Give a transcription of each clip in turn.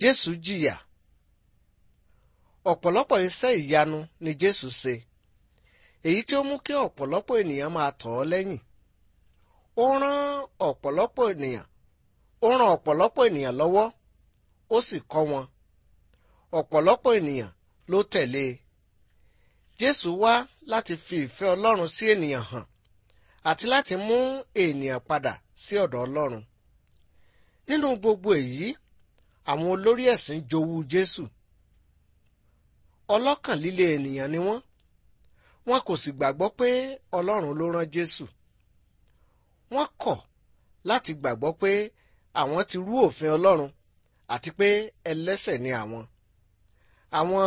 Jésù jìyà ọ̀pọ̀lọpọ̀ iṣẹ́ ìyanu ni Jésù ṣe èyí tí ó mú kí ọ̀pọ̀lọpọ̀ ènìyàn máa tọ̀ ọ́ lẹ́yìn ó rán ọ̀pọ̀lọpọ̀ ènìyàn ó ràn ọ̀pọ̀lọpọ̀ ènìyàn lọ́wọ́ ó sì kọ́ wọn ọ̀pọ̀lọpọ̀ ènìyàn ló tẹ̀lé e Jésù wá láti fi ìfẹ́ Ọlọ́run sí ènìyàn hàn àti láti mú ènìyàn padà sí ọ̀dọ̀ Ọlọ́run nínú gbogbo èyí àwọn olórí ẹ̀sìn jowú Jésù ọlọ́kàn líle ènìyàn ni wọ́n wọn kò sì gbàgbọ́ pé Ọlọ́run ló rán Jésù wọ́n kọ̀ láti gbàgbọ́ pé àwọn ti rú òfin Ọlọ́run àti pé ẹlẹ́ṣẹ̀ ni àwọn àwọn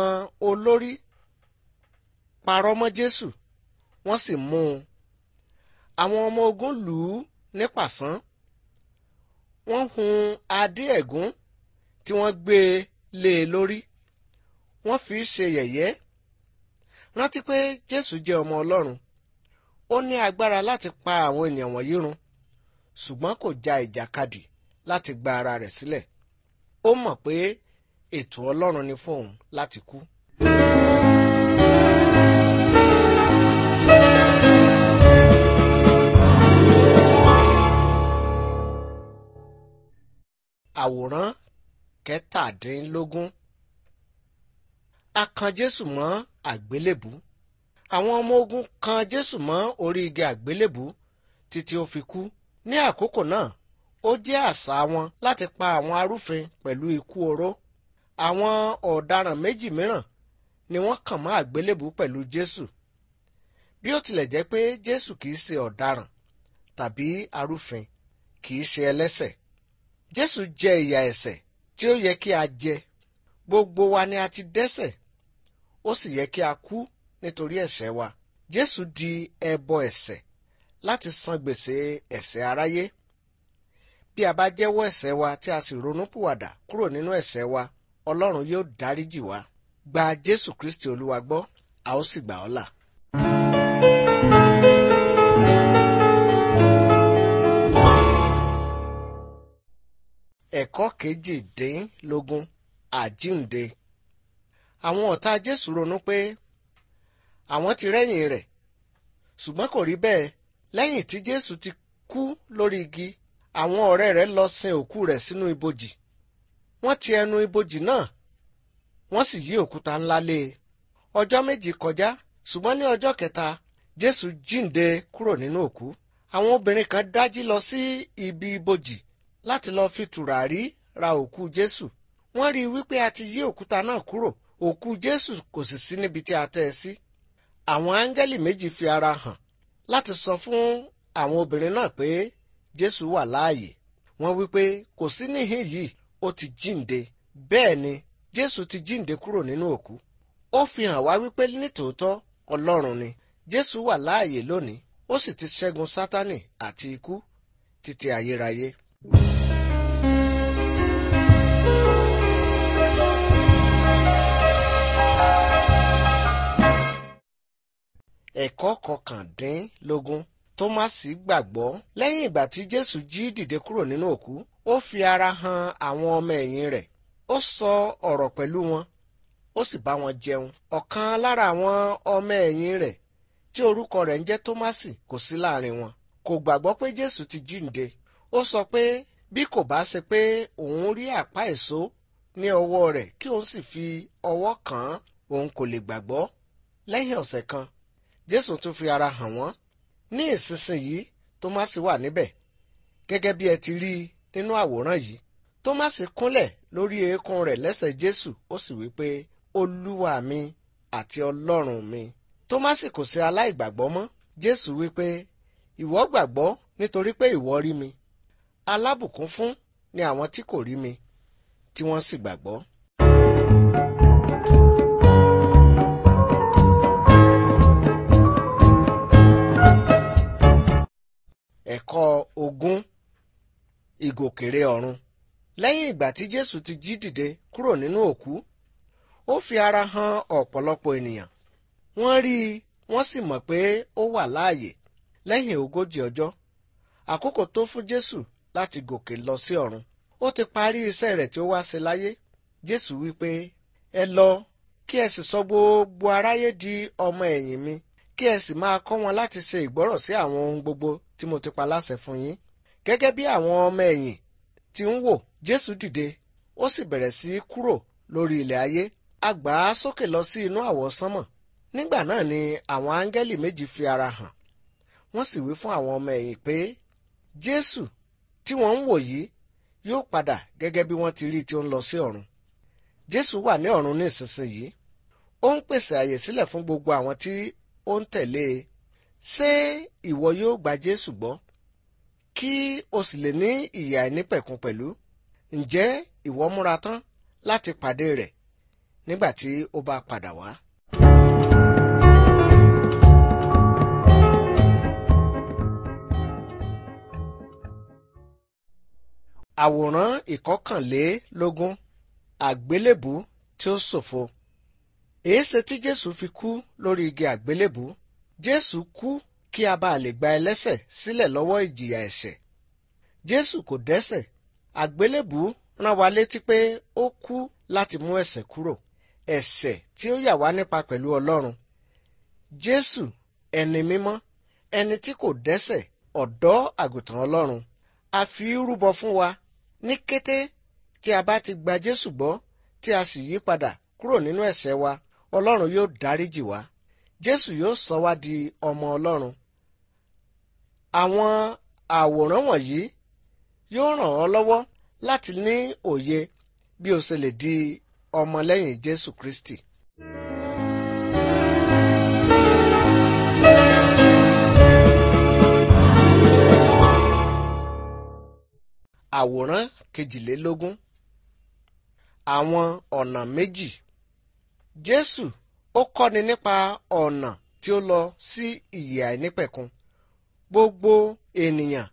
olórí parọ́ mọ́ Jésù wọ́n sì mú un àwọn ọmọ ogun lù ú nípàṣán wọ́n hun adé ẹ̀gún e tí wọ́n gbé e lé e lórí wọ́n fi í ṣe yẹ̀yẹ́ rántí pé jésù jẹ́ ọmọ ọlọ́run ó ní agbára láti pa àwọn ènìyàn wọ̀nyí run ṣùgbọ́n kò ja ìjàkadì láti gba ara rẹ̀ sílẹ̀ ó mọ̀ pé ètò ọlọ́run ni fóun láti kú. àwòrán kẹtàdínlógún. a kan jésù mọ́ àgbélébù. àwọn ọmọ ogun kan jésù mọ́ orí igi àgbélébù títí ó fi kú. ní àkókò náà ó jẹ́ àṣà wọn láti pa àwọn arúfin pẹ̀lú ikú oró. àwọn ọ̀daràn méjì mìíràn ni wọ́n kàn mọ́ àgbélébù pẹ̀lú jésù. bí ó tilẹ̀ jẹ́ pé jésù kìí ṣe ọ̀daràn tàbí arúfin kìí ṣe ẹlẹ́ṣẹ̀ jésù jẹ ìyà ẹ̀ṣẹ̀ tí ó yẹ kí a jẹ gbogbo wa ni a ti dẹ́ṣẹ̀ ó sì yẹ kí a kú nítorí ẹ̀ṣẹ̀ wa Jésù di ẹbọ ẹ̀ṣẹ̀ láti san gbèsè ẹ̀ṣẹ̀ aráyé bí a bá jẹ́wọ́ ẹ̀ṣẹ̀ wa tí a sì ronúpìwàdà kúrò nínú ẹ̀ṣẹ̀ wa Ọlọ́run yóò dáríjì wa gba Jésù Kristi Olúwa gbọ́ a ó sì gbà ọ́ là ẹ̀kọ́ kejìdínlógún àjíǹde àwọn ọ̀tá jésù ronú pé àwọn ti rẹ́yìn rẹ̀ ṣùgbọ́n kò rí bẹ́ẹ̀ lẹ́yìn tí jésù ti kú lórí igi àwọn ọ̀rẹ́ rẹ̀ lọ sin òkú rẹ̀ sínú ibojì wọ́n ti ẹnu ibojì náà wọ́n sì yí òkúta ńlá lé e ọjọ́ méjì kọjá ṣùgbọ́n ní ọjọ́ kẹta jésù jíǹde kúrò nínú òkú àwọn obìnrin kan dájí lọ sí ibi ibojì láti lọ fi tùràrí ra òkú Jésù wọ́n rí i wípé a ti yí òkúta náà kúrò òkú Jésù kò sì sí níbi tí a tẹ́ ẹ sí àwọn áńgẹ́lì méjì fi ara hàn láti sọ fún àwọn obìnrin náà pé Jésù wà láàyè wọ́n wípé kò sí níhìn yìí ó ti jíǹde bẹ́ẹ̀ ni Jésù ti jíǹde kúrò nínú òkú ó fi hàn wá wípé nítòótọ́ Ọlọ́run ni Jésù wà láàyè lónìí ó sì ti ṣẹ́gun Sátánì àti ikú títí ayérayé. thank you ẹ̀kọ́ kọkàndínlógún tómásì gbàgbọ́ lẹ́yìn ìgbà tí jésù jí dìde kúrò nínú òkú ó fi ara hàn àwọn ọmọ ẹ̀yìn rẹ̀ ó sọ ọ̀rọ̀ pẹ̀lú wọn ó sì bá wọn jẹun ọ̀kan lára àwọn ọmọ ẹ̀yìn rẹ̀ tí orúkọ rẹ̀ ń jẹ́ tómásì kò sí láàrin wọn kò gbàgbọ́ pé jésù ti jíǹde ó sọ pé bí kò bá ṣe pé òun rí àpá èso ní ọwọ́ rẹ̀ kí òun sì fi ọwọ́ kàn án òun kò lè gbàgbọ́ lẹ́yìn ọ̀sẹ̀ kan jésù tún fi ara hàn wọ́n ní ìsinsìnyí tómásì wà níbẹ̀ gẹ́gẹ́ bí ẹ ti rí i nínú àwòrán yìí tómásì kúnlẹ̀ lórí eékún rẹ̀ lẹ́sẹ̀ jésù ó sì wí pé olúwa mi àti ọlọ́run mi tómásì kò sí aláìgbàgbọ́ mọ́ jésù wí pé ìwọ gbàgbọ́ nítorí pé ìwọ rí mi alábùkún fún ni àwọn tí kò rí mi tí wọ́n sì gbàgbọ́. ẹ̀kọ́ ogún ìgòkèrè ọ̀run lẹ́yìn ìgbà tí jésù ti jí dìde kúrò nínú òkú ó fi ara hàn ọ̀pọ̀lọpọ̀ ènìyàn wọ́n rí i wọ́n sì mọ̀ pé ó wà láàyè lẹ́yìn ogójì ọjọ́ àkókò tó fún jésù láti gòkè lọ sí ọ̀run ó ti parí iṣẹ́ rẹ̀ tí ó wá ṣe láyé jésù wípé ẹ lọ kí ẹ sì sọ gbogbo aráyé di ọmọ ẹ̀yìn mi kí ẹ sì máa kọ́ wọn láti ṣe ìgbọ́rọ̀ sí àwọn ohun gbogbo tí mo ti pa láṣẹ fún yín gẹ́gẹ́ bí àwọn ọmọ ẹ̀yìn ti ń wò Jésù dìde ó sì bẹ̀rẹ̀ sí í kúrò lórí ilẹ̀ ayé a gbà á sókè lọ sí inú àwọsánmọ̀ nígbà náà ni àwọn áńgẹ́lì méjì fi ara hàn wọ́n sì wí fún àwọn ọmọ ẹ̀yìn pé Jésù tí wọ́n ń wò yìí yóò padà gẹ́gẹ́ bí wọ́n ti rí tí ó ń lọ sí ọ̀run Jésù wà ní ọ̀run ní ìsinsìnyí ó ń pèsè àyè sílẹ̀ fún gbogbo àwọn tí ó ń tẹ̀lé e ṣé ìwọ yóò gba Jésù gbọ́ kí o sì lè ní ìyè àìnípẹ̀kun pẹ̀lú ǹjẹ́ ìwọ múra tán láti pàdé rẹ̀ nígbà tí ó bá padà wá. àwòrán ìkọkànlélógún àgbélébù tí ó ṣòfo èéṣe tí Jésù fi kú lórí igi àgbélébù Jésù kú kí a bá lè gba ẹlẹ́ṣẹ̀ sílẹ̀ lọ́wọ́ ìjìyà ẹ̀ṣẹ̀. Jésù kò dẹ́ṣẹ̀. Àgbélébù rán wa létí pé ó kú láti mú ẹ̀ṣẹ̀ kúrò. Ẹ̀ṣẹ̀ tí ó yà wá nípa pẹ̀lú Ọlọ́run. Jésù ẹni mímọ́ ẹni tí kò dẹ́ṣẹ̀ ọ̀dọ́ àgùntàn Ọlọ́run. A fi rúbọ fún wa ní kété tí a bá ti gba Jésù gbọ́ tí a sì yí padà kúrò nínú ẹ̀ṣẹ̀ wa Ọlọ́run yóò dáríjì wá jésù yóò sọ wá di ọmọ ọlọ́run àwọn àwòrán wọ̀nyí yóò ràn ọ́ lọ́wọ́ láti ní òye bí o ṣe lè di ọmọlẹ́yìn jésù kristi. àwòrán kejìlélógún àwọn ọ̀nà méjì jésù ó kọ́ni nípa ọ̀nà tí ó lọ sí ìyè àìnípẹ̀kun gbogbo ènìyàn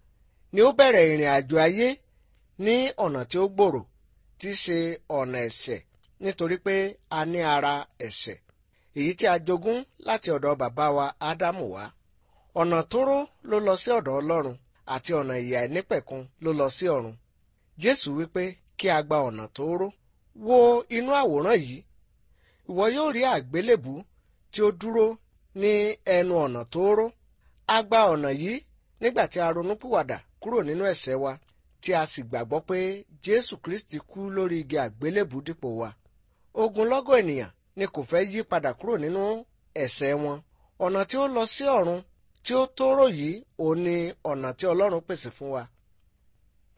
ni ó bẹ̀rẹ̀ ìrìn àjò ayé ní ọ̀nà tí ó gbòòrò tí í ṣe ọ̀nà ẹ̀ṣẹ̀ nítorí pé a ní ara ẹ̀ṣẹ̀ èyí tí a jogún láti ọ̀dọ̀ bàbá wa ádámù wá ọ̀nà tóóró ló lọ sí ọ̀dọ̀ ọlọ́run àti ọ̀nà ìyè àìnípẹ̀kun ló lọ sí ọ̀run jésù wípé kí a gba ọ̀nà tóóró wo inú àwòrán yìí ìwọ yóò rí àgbélébù tí ó dúró ní ẹnu ọ̀nà tóóró a gba ọ̀nà yìí nígbà tí a ronúpìwàdà kúrò nínú ẹ̀ṣẹ̀ wa tí a sì gbàgbọ́ pé Jésù Kristi kú lórí igi àgbélébù dípò wa ogunlọ́gọ̀ ènìyàn ni kò fẹ́ yí padà kúrò nínú ẹ̀ṣẹ̀ wọn ọ̀nà tí ó lọ sí ọ̀run tí ó tóóró yìí ò ní ọ̀nà tí Ọlọ́run pèsè fún wa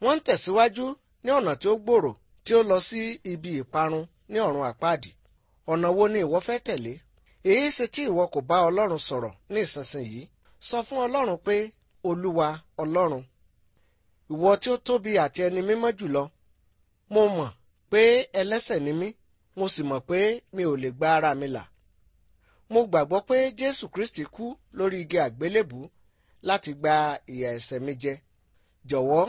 wọ́n ń tẹ̀síwájú ní ọ̀nà tí ó gbòòrò tí ó lọ sí ibi ìparun ní ọ̀run àpáàdì ọ̀nà wo ni ìwọ fẹ́ tẹ̀lé èyí ṣe tí ìwọ kò bá ọlọ́run sọ̀rọ̀ ní ìsinsìnyí sọ fún ọlọ́run pé olúwa ọlọ́run ìwọ tí ó tóbi àti ẹni mímọ́ jùlọ mo mọ̀ pé ẹlẹ́ṣẹ̀ ni mí mo sì mọ̀ pé mi ò lè gba ara mi là mo gbàgbọ́ pé jésù kristi kú lórí igi àgbélébù láti gba ìyà ẹ̀ṣẹ̀ mi jẹ jọ̀wọ́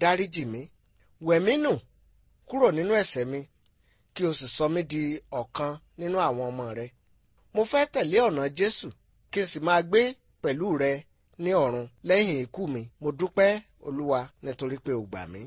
dáríjì mi wẹ̀ nù kúrò nínú ẹ̀ṣẹ̀ mi kí o sì sọ mí di ọ̀kan nínú àwọn ọmọ rẹ. Mo fẹ́ tẹ̀lé ọ̀nà Jésù kí n sì máa gbé pẹ̀lú rẹ ní ọ̀run lẹ́yìn ikú mi. Mo dúpẹ́ Olúwa nítorí pé o gbà mí.